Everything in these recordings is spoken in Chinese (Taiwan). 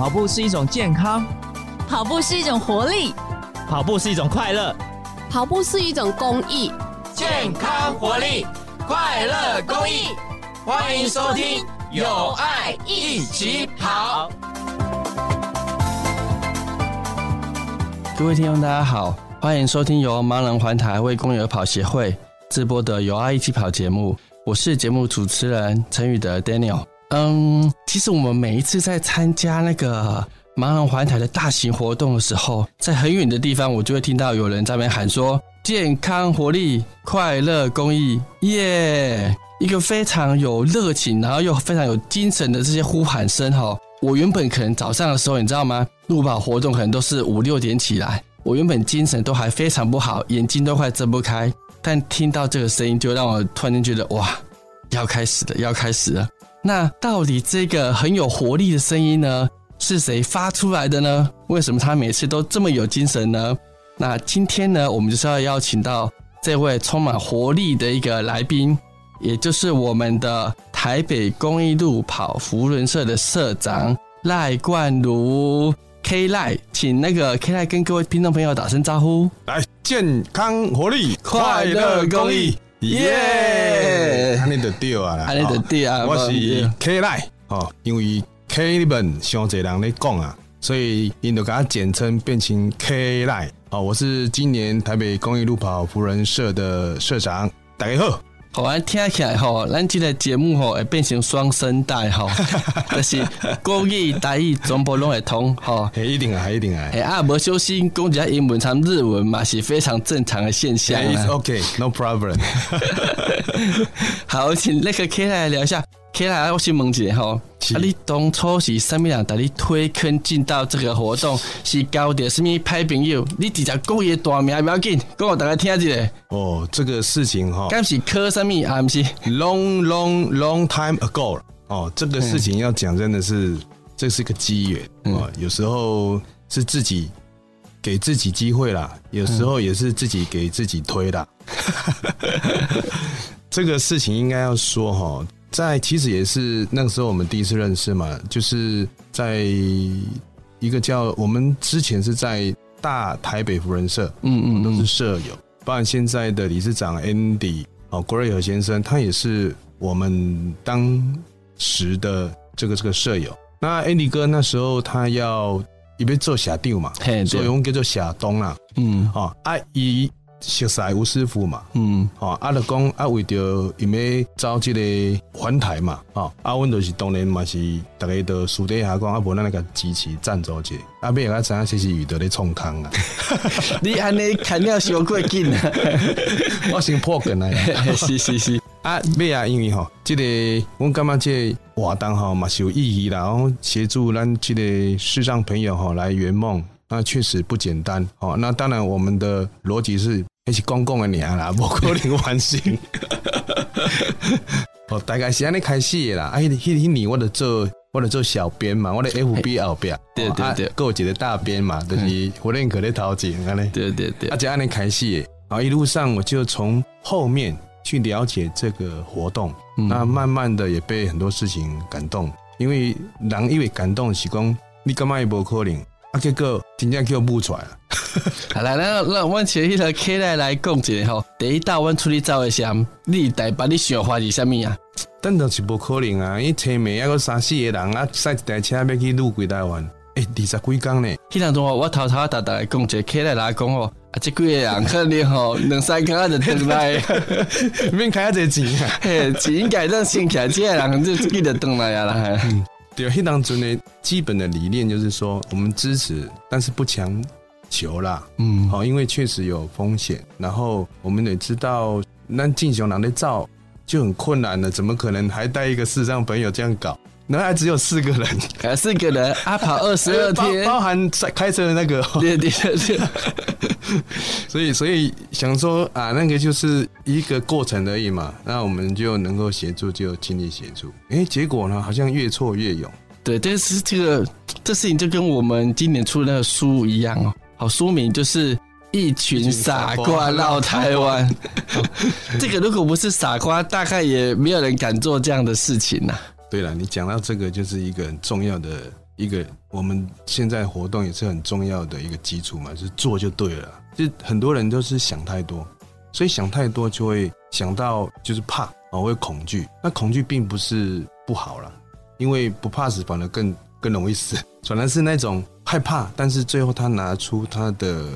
跑步是一種健康，跑步是一種活力，跑步是一種快樂，跑步是一種公益。健康、活力、快樂、公益，歡迎收聽《有愛一起跑》。各位聽眾，大家好，歡迎收聽由盲人環台為公益而跑協會直播的《有愛一起跑》節目，我是節目主持人陳宇德 Daniel。嗯，其實我們每一次在參加那個盲人環台的大型活動的時候，在很遠的地方，我就會聽到有人在那邊喊說：“健康、活力、快樂、公益，耶、yeah!！” 一個非常有熱情，然後又非常有精神的這些呼喊聲吼。我原本可能早上的時候，你知道嗎？路跑活動可能都是五六點起來，我原本精神都還非常不好，眼睛都快睜不開。但聽到這個聲音，就讓我突然間覺得，哇，要開始了，要開始了。那到底這個很有活力的聲音呢，是誰發出來的呢？為什麼他每次都這麼有精神呢？那今天呢，我們就是要邀請到這位充滿活力的一個來賓，也就是我們的台北公益路跑扶輪社的社長賴冠儒 K 賴，請那個 K 賴跟各位聽眾朋友打聲招呼，來，健康活力、快樂公益，耶、yeah! yeah!！安呢就對啊啦就對、喔，我是 K 賴，因為 K 日本上濟人咧講啊，所以因就甲簡稱變成 K 賴。e、喔、我是今年台北公益路跑扶輪社的社長，大家好。好，聽起來吼，咱今個節目吼會變成雙聲帶吼， 就是國語、台語全部攏會通。好， 一定啊，一定啊。啊，無小心講一下英文、唱日文嘛，是非常正常的現象。Yeah, OK，no、okay, problem。 好，請那個 K 賴聊一下，K 賴，我先問一下哈，啊、你當初是什麼人帶你推坑進到這個活動？ 是交點什麼派朋友？你直接講個大名不要緊，講我大家聽一下。哦，這個事情哈、哦，剛是磕什咪、啊？還不是 Long long long time ago 哦，這個事情要講，真的是、嗯、這是個機緣啊。有時候是自己給自己機會啦，有時候也是自己給自己推的。嗯 這個事情應該要說哈，在其實也是那個時候我們第一次認識嘛，就是在一個叫我們之前是在大台北扶輪社，嗯嗯，嗯，都是社友。包括現在的理事長 Andy 哦，郭瑞和先生，他也是我們當時的這個這個社友。那 Andy 哥那時候他要一邊做蝦釣嘛，做我們叫做小東啦，嗯，哦，啊，以。學賽吳師傅嘛，嗯，啊，著講阿為着，伊欲走即個環台嘛，啊，阮著是當然嘛是逐個的私底下講，無婆甲支持贊助者，阿妹個仔其是遇到咧創康啊， 你安尼肯了傷過緊啊， 我先破梗來， 是是是，啊，妹啊，因為吼，即、阮感覺即個活動吼嘛是有意義啦，協、嗯、助咱即個視障朋友吼來圓夢。那確實不簡單哦。那當然，我們的邏輯是一起公共嘅娘啦，不可能完成。我 大概是這樣開始的啦，啊，迄迄年我咧做我咧做小編嘛，我咧 F B 後邊、啊，對對對，過一個大編嘛，就是我認可咧頭前安咧，對對對，而且這樣開始的，然後一路上我就從後面去了解這個活動、嗯，那慢慢的也被很多事情感動，因為人因為感動是講你幹嘛也不可能。阿吉哥，真正叫不出來。 好啦，那那我們坐一條開來來講一個吼，第一道阮出去走一下。你大伯你想法是啥物啊？等著是無可能啊！伊車尾啊，閣三四個人啊，駛一台車要去路桂台灣，誒、欸，二十幾工呢？迄當中哦，我偷偷啊，逐逐來講一個開來來講哦。啊，這幾個人可能吼，兩三工啊，就 等 來，免開啊儕錢。嘿、 嗯，真想認真開車，然後就記得倒來啊。啦還。對，黑黨組內基本的理念就是說，我們支持，但是不強求啦。嗯，好，因為確實有風險。然後我們得知道，那進熊狼的照就很困難了，怎麼可能還帶一個視障朋友這樣搞？男孩只有四個人，啊，四個人，阿跑二十二天，包含在開車的那個， 對對對對 所以所以想說啊，那個就是一個過程而已嘛。那我們就能夠協助，就盡力協助。哎，結果呢，好像越挫越勇，對。但是這個這事情就跟我們今年出的那個書一樣哦，好書名就是《一群傻瓜鬧台灣》台灣。 這個如果不是傻瓜，大概也沒有人敢做這樣的事情吶、啊。對了，你講到這個就是一個很重要的一個我們現在活動也是很重要的一個基礎嘛，就是做就對了。就很多人都是想太多，所以想太多就會想到就是怕啊，哦，會恐懼。那恐懼並不是不好了，因為不怕死反而更更容易死，反而是那種害怕。但是最後他拿出他的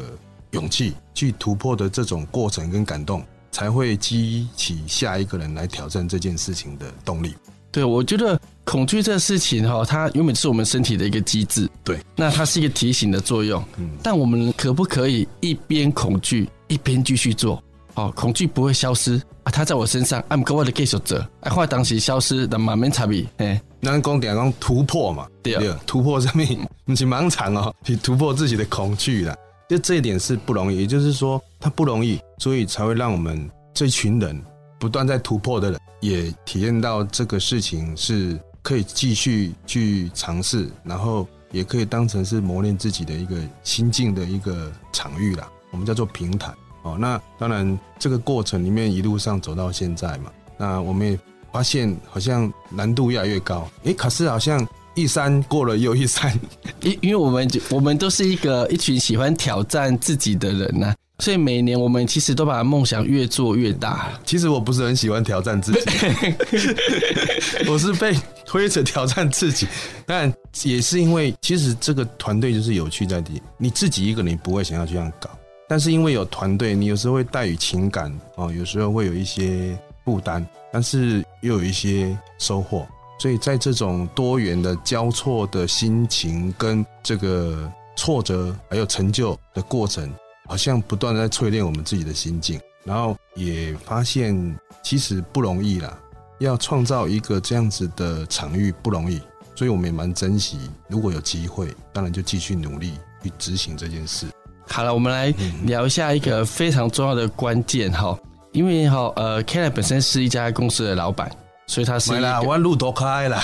勇氣去突破的這種過程跟感動，才會激起下一個人來挑戰這件事情的動力。對，我覺得恐懼這個事情哈、哦，它原本是我們身體的一個機制。對，那它是一個提醒的作用。嗯、但我們可不可以一邊恐懼一邊繼續做？哦，恐懼不會消失啊，它在我身上按個、啊我，啊、我的感受者，哎，話當時消失的慢慢差別，哎，那光點光突破嘛，對，對突破上面，你、嗯、去盲場哦，去突破自己的恐懼的，就這一點是不容易，也就是說，它不容易，所以才會讓我們這群人。不斷在突破的人，也體驗到這個事情是可以繼續去嘗試，然後也可以當成是磨練自己的一個心境的一個場域啦。我們叫做平台哦。那當然，這個過程裡面一路上走到現在嘛，那我們也發現好像難度越來越高。哎，可是好像一山過了又一山，因因為我們我們都是一個一群喜歡挑戰自己的人吶、啊。所以每年我們其實都把夢想越做越大。其實我不是很喜歡挑戰自己， 我是被推着挑戰自己。但也是因為，其實這個團隊就是有趣在地。你自己一個人不會想要去這樣搞，但是因為有團隊，你有時候會帶予情感啊，有時候會有一些負擔，但是又有一些收穫。所以在這種多元的交錯的心情跟這個挫折還有成就的過程。好像不斷在淬煉我們自己的心境，然後也發現其實不容易啦，要創造一個這樣子的場域不容易，所以我們也蠻珍惜。如果有機會，當然就繼續努力去執行這件事。好了，我們來聊一下一個非常重要的關鍵哈、嗯，因為哈呃，K 賴本身是一家公司的老板，所以他是一啦，彎路都開了，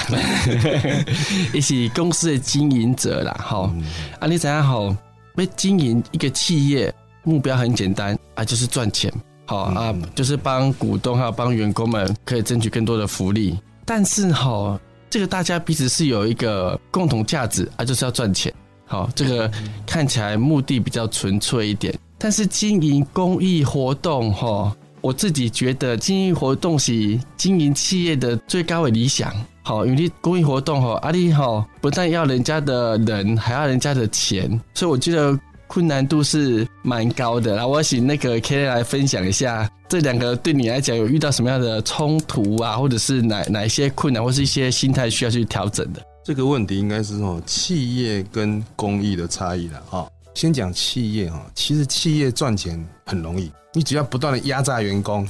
也 是公司的經營者啦，好、嗯、啊，你怎樣好？為經營一個企業，目標很簡單啊，就是賺錢。好、哦、啊，就是幫股東還有幫員工們可以爭取更多的福利。但是哈、哦，這個大家彼此是有一個共同價值啊，就是要賺錢。好、哦，這個看起來目的比較純粹一點。但是經營公益活動哈。哦我自己覺得經營活動是經營企業的最高的理想。好，因為你公益活動哈，阿里哈不但要人家的人，還要人家的錢，所以我覺得困難度是蠻高的。然後我請那個 K 賴來分享一下，這兩個對你來講有遇到什麼樣的衝突啊，或者是哪哪一些困難，或是一些心態需要去調整的？這個問題應該是說企業跟公益的差異了啊。哦先講企業哈，其實企業賺錢很容易，你只要不斷的壓榨員工，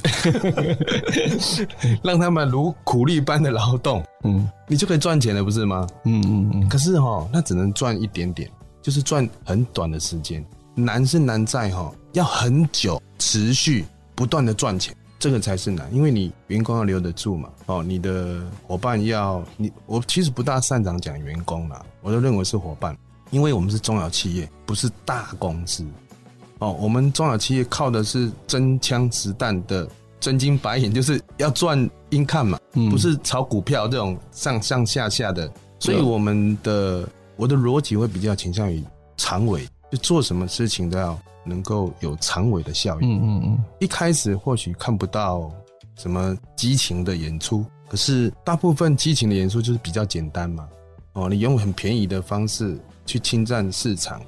讓他們如苦力般的勞動，嗯，你就可以賺錢了，不是嗎？嗯嗯嗯。可是哈，那只能賺一點點，就是賺很短的時間。難是難在哈，要很久持續不斷的賺錢，這個才是難，因為你員工要留得住嘛，哦，你的夥伴要你，我其實不大擅長講員工啦，我都認為是夥伴。因為我們是中小企業，不是大公司，哦，我們中小企業靠的是真槍實彈的真金白銀，就是要賺 income 嘛，嗯，不是炒股票這種上上下下的。所以我們的、哦、我的邏輯會比較傾向於長尾，就做什麼事情都要能夠有長尾的效應。嗯，嗯嗯，一開始或許看不到什麼激情的演出，可是大部分激情的演出就是比較簡單嘛。哦，你用很便宜的方式。去侵佔市場，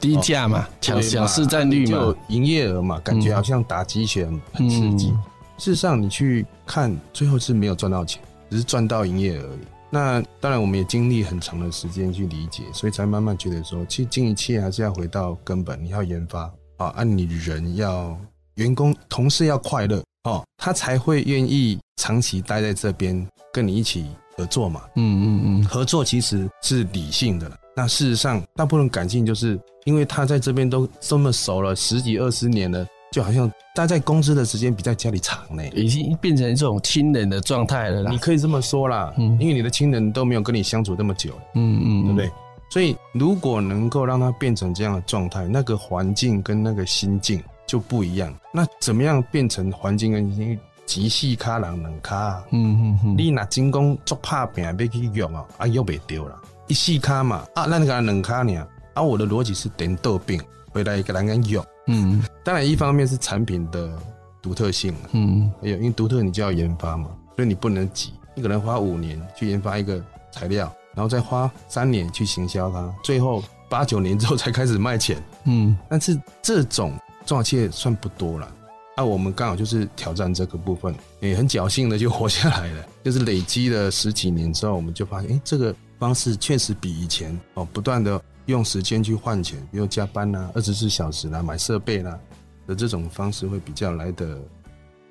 低價嘛，搶市占率嘛，營業額嘛、嗯，感覺好像打雞血很刺激。嗯、事實上，你去看，最後是沒有賺到錢，只是賺到營業額而已。那當然，我們也經歷很長的時間去理解，所以才慢慢覺得說，其實經營企業還是要回到根本，你要研發、喔、啊，按你人要員工、同事要快樂哦、喔，他才會願意長期待在這邊跟你一起合作嘛。嗯嗯嗯，合作其實是理性的了。那事實上，大部分感情就是因為他在這邊都這麼熟了，十幾二十年了，就好像他在公司的時間比在家裡長呢，已經變成這種親人的狀態了啦。你可以這麼說啦，嗯、因為你的親人都沒有跟你相處這麼久了。嗯，嗯嗯，對不對？所以如果能夠讓他變成這樣的狀態，那個環境跟那個心境就不一樣。那怎麼樣變成環境跟心？極細卡郎冷卡，嗯嗯，嗯，你拿真工做怕病，被去用啊，啊約不丟了。一細卡嘛啊，那你給個冷卡呢？啊，我的邏輯是點豆病，回來人，一個欄杆用。嗯，當然，一方面是產品的獨特性，嗯，哎呦，因為獨特你就要研發嘛，所以你不能急，你可能花五年去研發一個材料，然後再花三年去行銷它，最後八九年之後才開始賣錢。嗯，但是這種撞切算不多了，那、啊、我們剛好就是挑戰這個部分，也、欸、很僥幸的就活下來了，就是累積了十幾年之後，我們就發現，誒、欸，這個。方式確實比以前哦，不斷的用時間去換錢，比如加班吶、啊、二十四小時吶、啊、買設備啦、啊、的這種方式會比較來得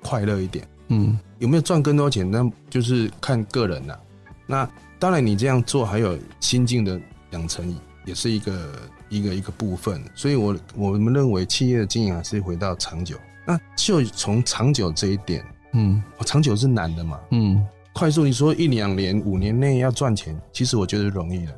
快樂一點。嗯，有沒有賺更多錢？那就是看個人了、啊。那當然，你這樣做還有心境的養成也是一個一個一個部分。所以我我們認為企業的經營啊，是回到長久。那就從長久這一點，嗯，長久是難的嘛，嗯。快速你說一兩年五年內要賺錢，其實我覺得容易了，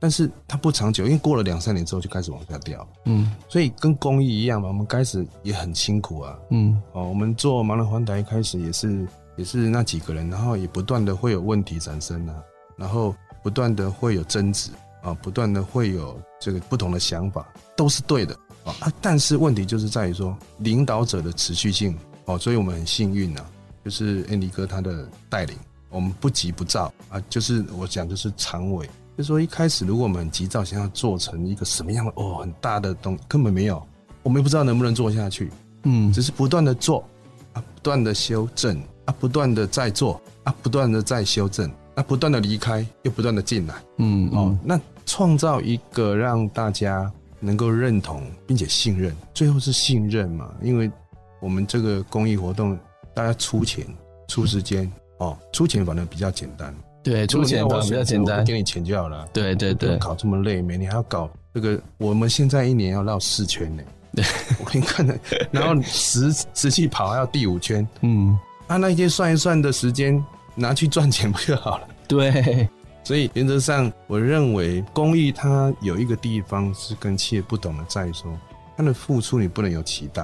但是它不長久，因為過了兩三年之後就開始往下掉。嗯，所以跟公益一樣嘛，我們開始也很辛苦啊。嗯，哦，我們做盲人環台一開始也是也是那幾個人，然後也不斷的會有問題產生啊，然後不斷的會有爭執啊、哦，不斷的會有這個不同的想法都是對的、哦、啊，但是問題就是在於說領導者的持續性哦，所以我們很幸運啊。就是 Andy 哥他的帶領，我們不急不躁啊，就是我講就是常委，就是說一開始如果我們急躁想要做成一個什麼樣的哦很大的東西根本沒有，我們也不知道能不能做下去，嗯，只是不斷的做啊，不斷的修正啊，不斷的再做啊，不斷的再修正啊，不斷的離開又不斷的進來，嗯哦，那創造一個讓大家能夠認同並且信任，最後是信任嘛，因為我們這個公益活動。大家出錢、出時間、嗯、哦，出錢反正比較簡單。對，出錢反正比較簡單，欸、給你錢就好了、啊。對對對，搞這麼累，每年還要搞這個，我們現在一年要繞四圈呢。對，我跟你講，然後實實際跑還要第五圈。嗯，那、啊、那些算一算的時間，拿去賺錢不就好了？對。所以原則上，我認為公益它有一個地方是跟企業不同的，在於說，它的付出你不能有期待。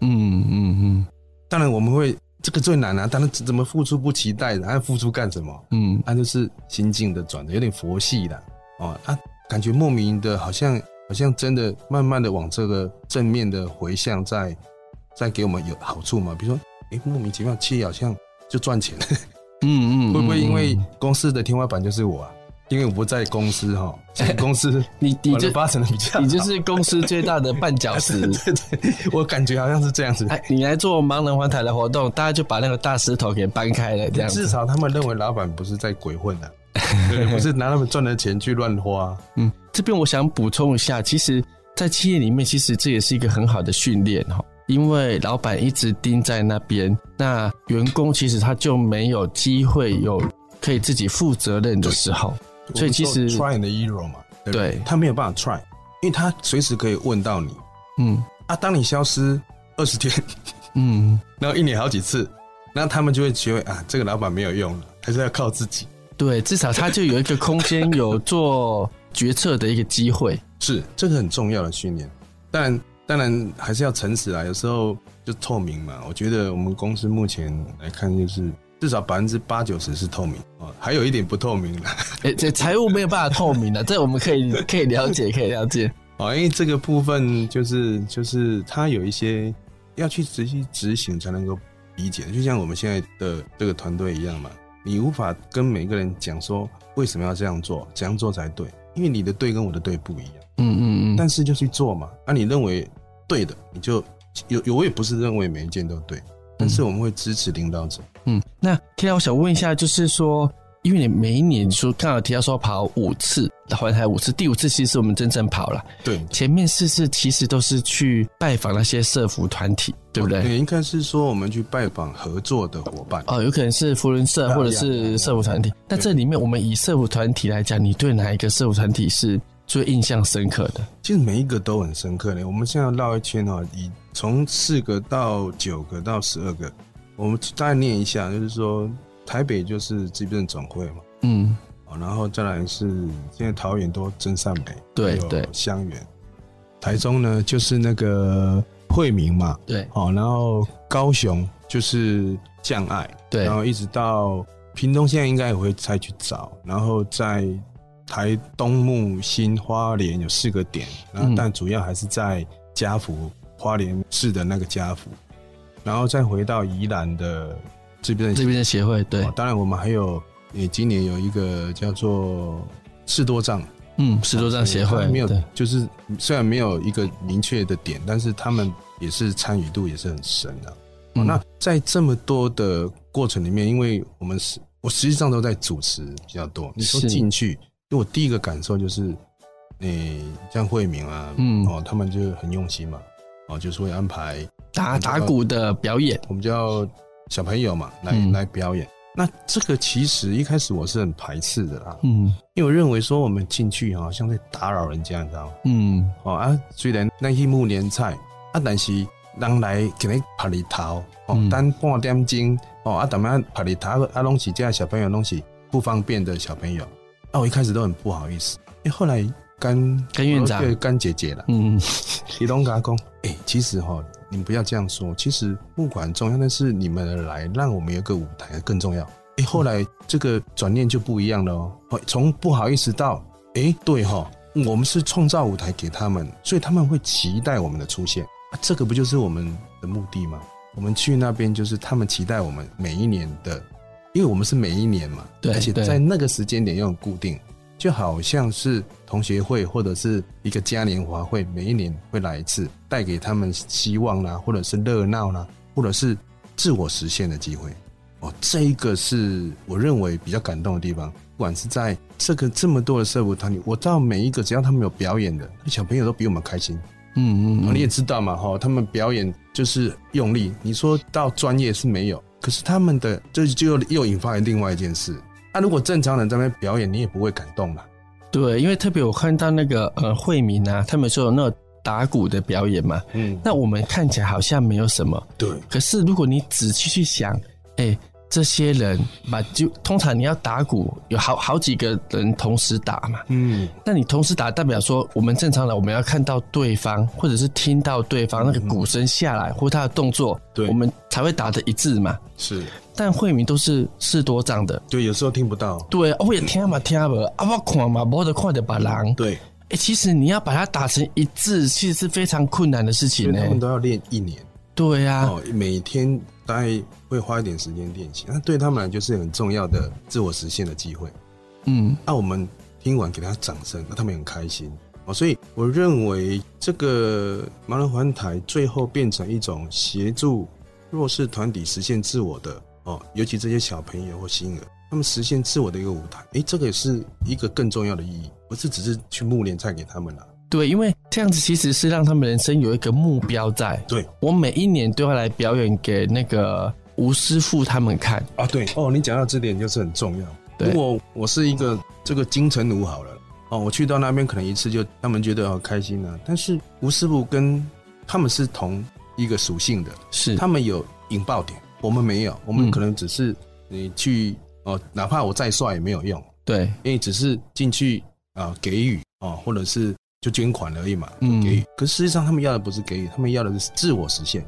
嗯嗯嗯，當然我們會。這個最難啊！當然怎麼付出不期待的，後、啊、付出幹什麼？嗯，他就是心境的轉的，有點佛系的哦。他、啊、感覺莫名的，好像好像真的慢慢的往這個正面的回向在，在在給我們有好處嘛？比如說，哎、欸，莫名其妙，切好像就賺錢了。嗯嗯，會不會因為公司的天花板就是我啊？因為我不在公司哈，公司的比較，你你你就是公司最大的絆腳石 對對對，我感覺好像是這樣子。啊，你來做盲人環台的活動，大家就把那個大石頭給搬開了，這樣子至少他們認為老板不是在鬼混的，啊， 不是拿他們賺的錢去亂花。嗯，這邊我想補充一下，其實在企業裡面，其實這也是一個很好的訓練哈，因為老板一直盯在那邊，那員工其實他就沒有機會有可以自己負責任的時候。所以其實 try and error 嘛，對，他沒有辦法 try，因為他隨時可以問到你，嗯，啊，當你消失二十天，嗯，然後一年好幾次，那他們就會覺得啊，這個老闆沒有用了，還是要靠自己。對，至少他就有一個空間有做決策的一個機會， 是，這個很重要的訓練。但當然還是要誠實啦，有時候就透明嘛。我覺得我們公司目前來看就是。至少百分之八九十是透明啊，哦，還有一點不透明的。哎、欸，這財務沒有辦法透明的， 這我們可以可以了解，可以了解哦，因為這個部分就是就是它有一些要去仔細執行才能夠理解，就像我們現在的這個團隊一樣嘛，你無法跟每個人講說為什麼要這樣做，怎樣做才對，因為你的對跟我的對不一樣，嗯嗯嗯，但是就去做嘛，那、啊、你認為對的，你就有有我也不是認為每一件都對。但是我們會支持領導者。嗯，那接下來我想問一下，就是說，因為你每一年說剛剛提到說跑五次，環台五次，第五次其實我們真正跑了。對，對，前面四次其實都是去拜訪那些社福團體，對不對？對、哦，應該是說我們去拜訪合作的夥伴。哦，有可能是扶輪社或者是社福團體。那這裡面我們以社福團體來講，你對哪一個社福團體是？最印象深刻的，其實每一個都很深刻的。我們現在繞一圈哦，以從四個到九個到十二個，我們再念一下，就是說台北就是這邊的總會嘛，嗯，然後再來是現在桃園都真善美，對對，有香園，台中呢就是那個惠明嘛，對，好，然後高雄就是將愛，對，然後一直到屏東，現在應該也會再去找，然後在。台東木新花蓮有四個點，然後但主要還是在家福，嗯、花蓮市的那個家福，然後再回到宜蘭的這邊這邊的協會，對，當然我們還有也今年有一個叫做士多藏，嗯，士多藏協會沒有對，就是雖然沒有一個明確的點，但是他們也是參與度也是很深的。哦，嗯，那在這麼多的過程裡面，因為我們是，我實際上都在主持比較多，你說進去。因為我第一個感受就是，你、欸、像慧敏啊，嗯，哦，他們就是很用心嘛，哦，就是會安排打打鼓的表演，我們叫小朋友嘛，來、嗯、來表演。那這個其實一開始我是很排斥的啦，嗯，因為我認為說我們進去好像在打擾人家，你知道嗎？嗯，哦啊，雖然那一幕連菜啊，但是人來可能爬裡頭哦，等半點鐘哦，啊，麼們爬裡頭啊，攏是這樣小朋友，攏是不方便的小朋友。哦、啊，我一開始都很不好意思，因、欸、為後來跟跟院長對跟姐姐了，嗯，李東嘎公，哎、欸，其實哈、喔，你們不要這樣說，其實不管重要，但是你們來讓我們有個舞台更重要。哎、欸，後來這個轉念就不一樣了哦，從、嗯、不好意思到，哎、欸，對哈、喔，我們是創造舞台給他們，所以他們會期待我們的出現，啊、這個不就是我們的目的嗎？我們去那邊就是他們期待我們每一年的。因為我們是每一年嘛，對，對，而且在那個時間點又很固定，就好像是同學會或者是一個嘉年華會，每一年會來一次，帶給他們希望啦，或者是熱鬧啦，或者是自我實現的機會。哦，這一個是我認為比較感動的地方。不管是在這個這麼多的社福團體，我知道每一個只要他們有表演的，小朋友都比我們開心。嗯嗯，嗯、哦，你也知道嘛，哈，他們表演就是用力。你說到專業是沒有。可是他們的，這就，就又引發了另外一件事。那、啊、如果正常人在那邊表演，你也不會感動了。對，因為特別我看到那個呃，惠民啊，他們說有那種打鼓的表演嘛，嗯，那我們看起來好像沒有什麼。對，可是如果你仔細去想，哎、欸。這些人嘛，就通常你要打鼓，有好好幾個人同時打嘛。嗯，那你同時打，代表說我們正常的我們要看到對方，或者是聽到對方那個鼓聲下來，嗯嗯或他的動作，對，我們才會打的一致嘛。是，但惠明都是視多障的，對，有時候聽不到，對，哦、我也聽嘛，聽、啊、不，我看嘛，跑得快的把狼。對，哎、欸，其實你要把它打成一致，其實是非常困難的事情呢。他們都要練一年。對呀、啊哦，每天。大概會花一點時間練習，那對他們來就是很重要的自我實現的機會。嗯，那、啊、我們聽完給他掌聲，那他們很開心哦，所以我認為這個盲人環台最後變成一種協助弱勢團體實現自我的哦，尤其這些小朋友或新人，他們實現自我的一個舞台。誒、欸，這個也是一個更重要的意義，不是只是去幕聯菜給他們了。對，因為這樣子其實是讓他們人生有一個目標在。對，我每一年都要來表演給那個吳師傅他們看啊，對。對哦，你講到這點就是很重要。對。如果我是一個這個金城武好了哦，我去到那邊可能一次就他們覺得很，哦，開心啊。但是吳師傅跟他們是同一個屬性的，是他們有引爆點，我們沒有，我們可能只是、嗯、你去哦，哪怕我再帥也沒有用。對，因為只是進去啊、呃，給予啊、哦，或者是。就捐款而已嘛，給予、嗯。可實際上，他們要的不是給予，他們要的是自我實現。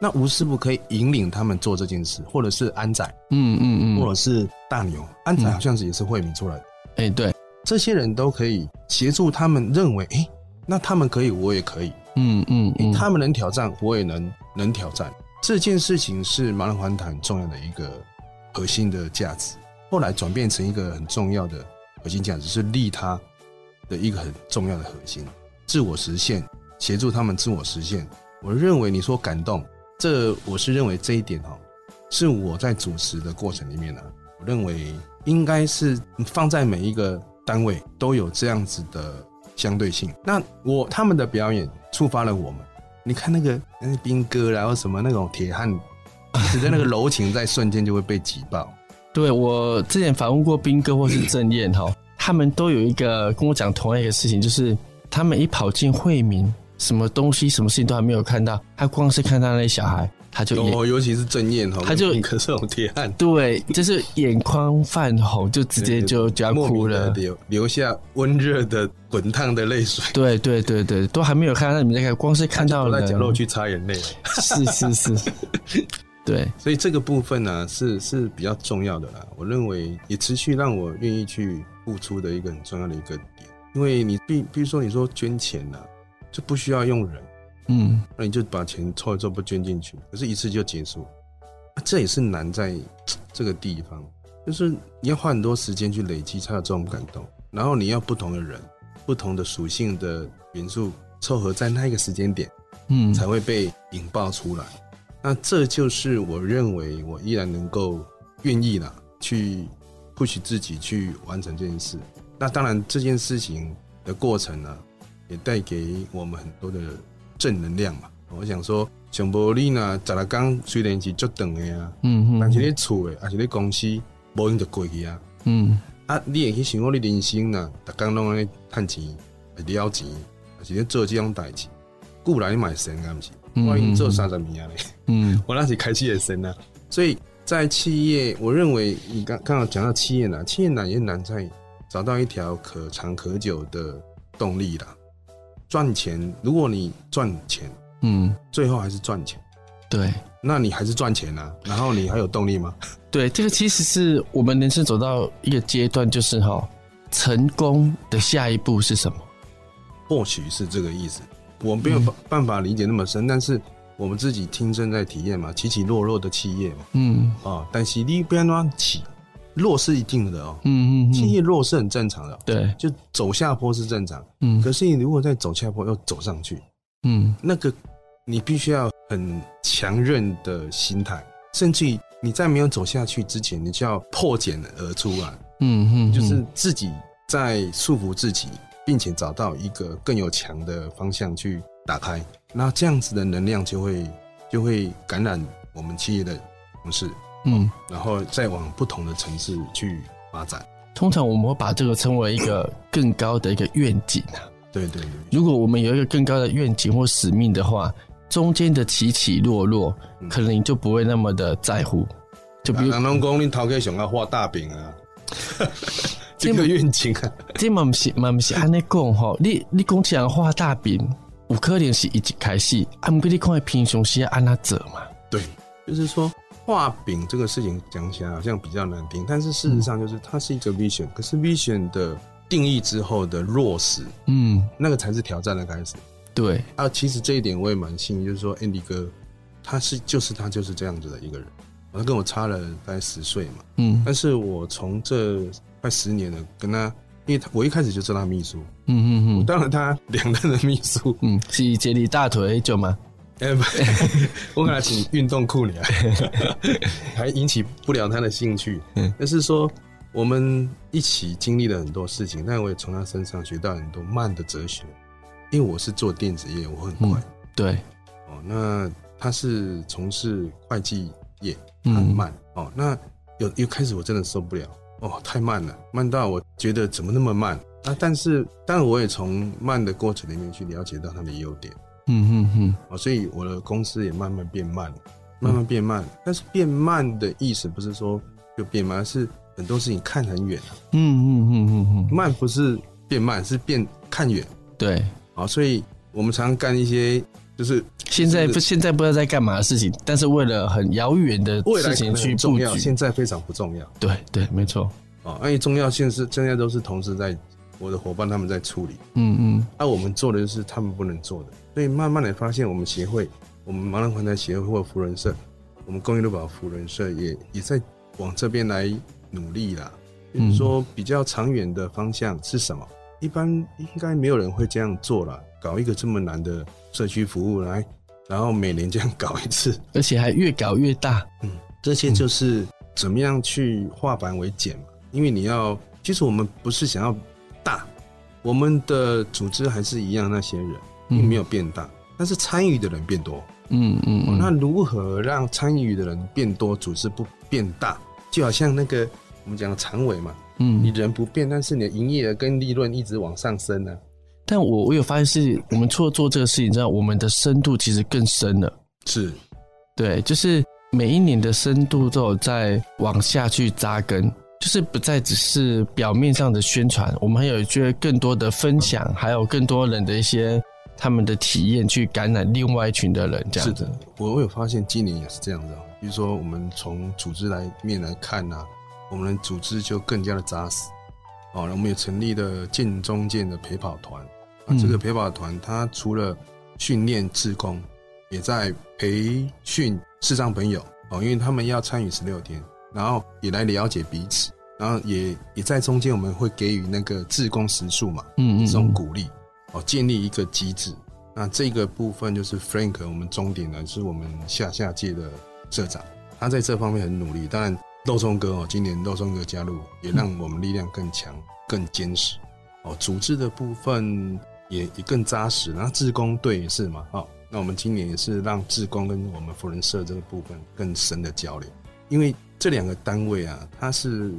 那吳師傅可以引領他們做這件事，或者是安仔，嗯嗯嗯，或者是大牛，安仔好像是也是惠民出來的。哎、嗯欸，對，這些人都可以協助他們認為，哎、欸，那他們可以，我也可以，嗯嗯，嗯、欸、他們能挑戰，我也能能挑戰、嗯嗯。這件事情是盲人環台很重要的一個核心的價值，後來轉變成一個很重要的核心價值是利他。的一個很重要的核心，自我實現，協助他們自我實現。我認為你說感動，這我是認為這一點哈、喔，是我在主持的過程裡面呢、啊，我認為應該是放在每一個單位都有這樣子的相對性。那我他們的表演觸發了我們，你看那個那是兵哥然後什麼那種鐵漢，你 實那個柔情在瞬間就會被擠爆。對我之前訪問過兵哥或是鄭燕哈。 他們都有一個跟我講同樣一個事情，就是他們一跑進惠民，什麼東西、什麼事情都還沒有看到，他光是看到那小孩，他就哦，尤其是鄭燕，他就可是有鐵漢，對，就是眼眶泛紅，就直接就就要哭了，流下溫熱的、滾燙的淚水。對，對，對，對，都還沒有看到那你們那個，光是看到在角落去擦眼淚，是是是。 對，所以這個部分呢、啊、是是比較重要的啦，我認為也持續讓我願意去付出的一個很重要的一個點，因為你比比如說你說捐錢呢、啊，就不需要用人，嗯，那你就把錢湊一湊，不捐進去，可是一次就結束，啊，這也是難在這個地方，就是你要花很多時間去累積他的這種感動，然後你要不同的人、不同的屬性的元素湊合在那個時間點，嗯，才會被引爆出來。那這就是我認為我依然能夠願意呢去 push 自己去完成這件事。那當然這件事情的過程呢，啊，也帶給我們很多的正能量嘛。我想說，像伯利呢，在他剛雖然去做長的啊，嗯嗯，但是咧厝的，還是咧公司，不用就過去啊，嗯啊，你也去想我你人生呢，打工弄安尼賺錢，還了錢，還是咧做這種代志，固過來買生啊不是？米嗯，嗯，我那是開企業生啊，所以在企業，我認為你剛剛講到企業難，企業難也難在找到一條可長可久的動力啦。賺錢，如果你賺錢，嗯，最後還是賺錢，對，那你還是賺錢呢、啊，然後你還有動力嗎？對，這個其實是我們人生走到一個階段，就是哈、喔，成功的下一步是什麼？或許是這個意思。我沒有辦法理解那麼深，嗯、但是我們自己親身在體驗嘛，起起落落的企業嘛，嗯啊、哦，但是你不要亂起落是一定的哦，嗯嗯，嗯，企業落是很正常的，對，就走下坡是正常，嗯，可是你如果在走下坡又走上去，嗯，那個你必須要很強韌的心態，甚至於你在沒有走下去之前，你就要破繭而出啊，嗯嗯，嗯就是自己在束縛自己。並且找到一個更有強的方向去打開，那這樣子的能量就會就會感染我們企業的同事，嗯、喔，然後再往不同的層次去發展。通常我們會把這個稱為一個更高的一個願景啊， 對對對。如果我們有一個更高的願景或使命的話，中間的起起落落、嗯、可能你就不會那麼的在乎，就比如。人攏講你頭家想要畫大餅啊。 這個願景，這嘛不是，嘛不是，按你講哈，你你講起來畫大餅，有可能是一直開始，阿們哥，你看平常是按那折嘛？對，就是說畫餅這個事情講起來好像比較難聽，但是事實上就是它是一個 vision、嗯，可是 vision 的定義之後的落實，嗯，那個才是挑戰的開始。對，啊，其實這一點我也蠻幸運，就是說 Andy、欸、哥，他是就是他就是這樣子的一個人，他跟我差了大概十歲嘛，嗯，但是我從這。快十年了，跟他，因為他我一開始就做他秘書，嗯嗯嗯，我當了他兩任的秘書，嗯，是接你大腿就嗎、欸？不，我給他請運動褲你還引起不了他的興趣。但、嗯、是說我們一起經歷了很多事情，但我也從他身上學到很多慢的哲學。因為我是做電子業，我很快，嗯、對，哦，那他是從事會計業，很慢，嗯、哦，那有有開始我真的受不了。哦，太慢了，慢到我覺得怎麼那麼慢啊！但是，但我也從慢的過程裡面去了解到它的優點。嗯嗯嗯。哦、嗯，所以我的公司也慢慢變慢了，慢慢變慢了、嗯。但是變慢的意思不是說就變慢，是很多事情看很遠。嗯嗯嗯嗯嗯。慢不是變慢，是變看遠。對。啊，所以我們常常幹一些。就是現在、就是不，現在不知道在幹嘛的事情，但是為了很遙遠的事情去布局。現在非常不重要。對對，沒錯。啊，因為重要性是現在都是同事在，我的伙伴他們在處理。嗯嗯。那、啊、我們做的就是他們不能做的，所以慢慢的發現，我們協會，我們盲人環的協會或扶輪社，我們公益路跑扶輪社也也在往這邊來努力啦。嗯。說比較長遠的方向是什麼？嗯、一般應該沒有人會這樣做了。搞一個這麼難的社區服務來，然後每年這樣搞一次，而且還越搞越大。嗯，這些就是怎麼樣去化繁為簡嘛、嗯。因為你要，其實我們不是想要大，我們的組織還是一樣，那些人並沒有變大，嗯、但是參與的人變多。嗯嗯，嗯，嗯，嗯。那如何讓參與的人變多，組織不變大？就好像那個我們講的常委嘛，嗯，你人不變，但是你的營業額跟利潤一直往上升呢、啊？但我我有發現，是我們除了做這個事情之外，我們的深度其實更深了。是，對，就是每一年的深度都有在往下去紮根，就是不再只是表面上的宣傳，我們還有一些更多的分享，還有更多人的一些他們的體驗去感染另外一群的人。這樣子，是的，我我有發現今年也是這樣子。比如說，我們從組織來面來看呢，啊，我們的組織就更加的紮實。哦，我們有成立了建中建的陪跑團。啊，這個陪跑團他除了訓練志工，也在培訓視障朋友哦、喔，因為他們要參與十六天，然後也來了解彼此，然後也也在中間我們會給予那個志工時數嘛，嗯嗯，這種鼓勵哦，建立一個機制。那這個部分就是 Frank，我們終點呢是我們下下屆的社長，他在這方面很努力。當然，肉鬆哥哦、喔，今年肉鬆哥加入也讓我們力量更強、更堅實哦、喔。組織的部分。也也更扎實，然後志工隊也是嘛，好，那我們今年也是讓志工跟我們扶輪社這個部分更深的交流，因為這兩個單位啊，它是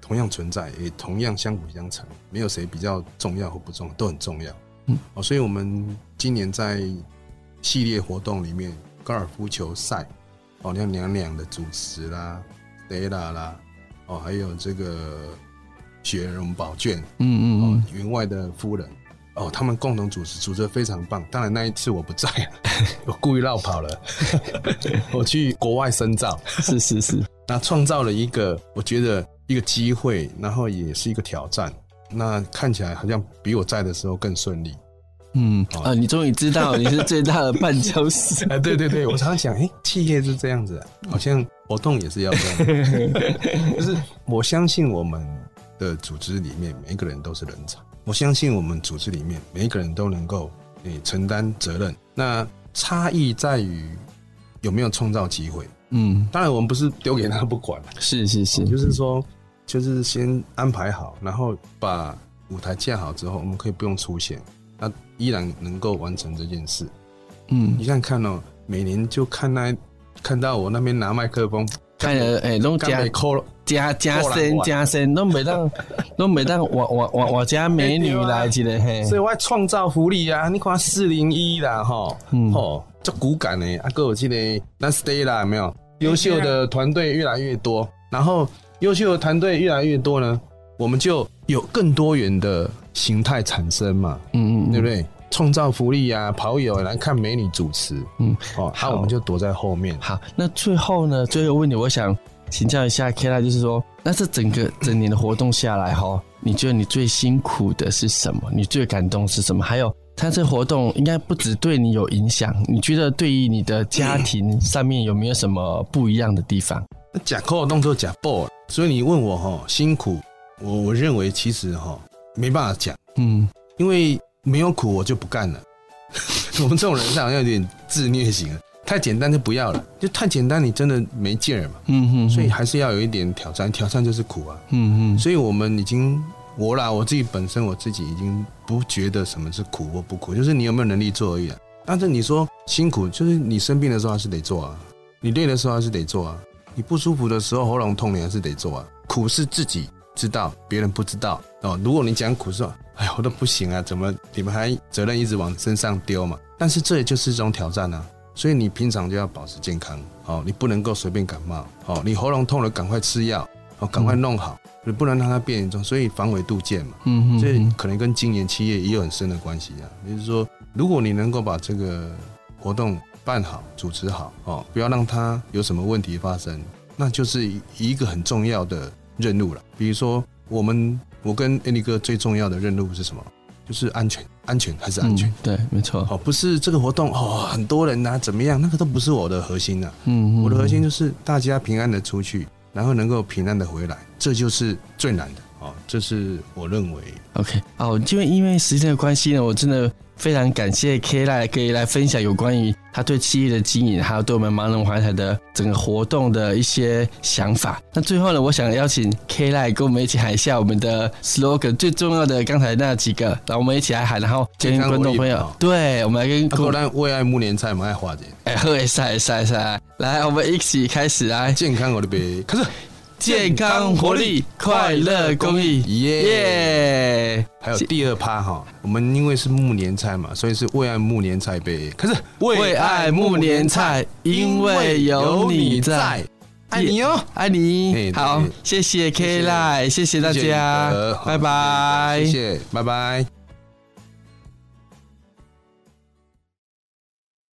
同樣存在，也同樣相輔相成，沒有誰比較重要或不重要，都很重要。嗯，哦，所以我們今年在系列活動裡面，高爾夫球賽哦，讓娘娘的主持啦，德、嗯、拉、嗯嗯，啦，啦，哦，還有這個雪人寶卷，嗯嗯，哦，員外的夫人。哦，他們共同組織組織的非常棒。當然那一次我不在，我故意落跑了， 我去國外深造。是是是，那創造了一個我覺得一個機會，然後也是一個挑戰。那看起來好像比我在的時候更順利。嗯、哦、啊，你終於知道你是最大的絆腳石哎， 對對對，我常常想，哎、欸，企業是這樣子、啊，好像活動也是要這樣的。不 是，我相信我們的組織裡面每一個人都是人才。我相信我們組織裡面每一個人都能夠，誒、欸，承擔責任。那差異在於有沒有創造機會。嗯，當然我們不是丟給他不管，是是是、嗯，就是說，就是先安排好，然後把舞台架好之後，我們可以不用出現，那依然能夠完成這件事。嗯，你看看、喔、哦，每年就看那看到我那邊拿麥克風，哎哎，弄掉摳了。欸加加身加身，都每單 都每單能， 我我我我家美女來一、欸啊這個嘿，所以我要創造福利啊！你看四零一啦吼。嗯，吼，這骨感嘞，啊，各有這個，那 stay 啦有沒有？優秀的團隊越來越多，然後優秀的團隊越來越多呢，我們就有更多元的形態產生嘛，嗯，嗯嗯，對不對？創造福利啊，跑友來、嗯、看美女主持，嗯，哦，那、啊、我們就躲在後面。好，那最後呢，最後問你，我想。請教一下 K 賴就是說，那這整個整年的活動下來哈，你覺得你最辛苦的是什麼？你最感動是什麼？還有，他這活動應該不只對你有影響，你覺得對於你的家庭上面有沒有什麼不一樣的地方？扣苦動作假爆，所以你問我哈辛苦，我我認為其實哈沒辦法講，嗯，因為沒有苦我就不幹了。 我們這種人好像有點自虐型。太簡單就不要了，就太簡單你真的沒勁兒嘛。嗯哼嗯，所以還是要有一點挑戰，挑戰就是苦啊。嗯哼，所以我們已經我啦，我自己本身我自己已經不覺得什麼是苦或不苦，就是你有沒有能力做而已啊，但是你說辛苦，就是你生病的時候還是得做啊，你累的時候還是得做啊，你不舒服的時候喉嚨痛你還是得做啊。苦是自己知道，別人不知道哦。如果你講苦說，哎呀，我都不行啊，怎麼你們還責任一直往身上丟嘛？但是這也就是一種挑戰啊。所以你平常就要保持健康，哦，你不能夠隨便感冒，哦，你喉嚨痛了趕快吃藥，哦，趕快弄好，你、嗯、不能讓它變嚴重。所以防微杜漸嘛，嗯哼嗯哼，這可能跟今年七月也有很深的關係啊。也就是說，如果你能夠把這個活動辦好、主持好，哦，不要讓它有什麼問題發生，那就是一個很重要的任務了。比如說我，我們我跟 Andy 哥最重要的任務是什麼？就是安全，安全還是安全，嗯、對，沒錯。哦，不是這個活動哦，很多人吶、啊，怎麼樣？那個都不是我的核心了、啊。嗯哼哼，我的核心就是大家平安的出去，然後能夠平安的回來，這就是最難的。哦，這、就是我認為。OK，哦、oh,，因為因為時間的關係呢，我真的非常感謝 K 賴可以來分享有關於他對企業的經營，還有對我們盲人環台的整個活動的一些想法。那最後呢，我想邀請 K 賴跟我們一起喊一下我們的 slogan，最重要的剛才那幾個，然後我們一起來喊，然後歡迎觀眾朋友。對、啊，我們來跟果然為愛暮年彩，我們愛華姐。哎，曬曬曬曬！來，我們一起開始來健康活力，開始。健康，健康活力，快樂公益，耶、yeah yeah！還有第二趴哈，我們因為是暮年菜嘛，所以是為愛暮年菜唄。開始，為愛暮年，年菜，因為有你在，你在 yeah, 愛你哦、喔，愛你。好，謝謝 K 賴，謝謝大家，拜拜，謝謝，拜拜。謝謝拜拜。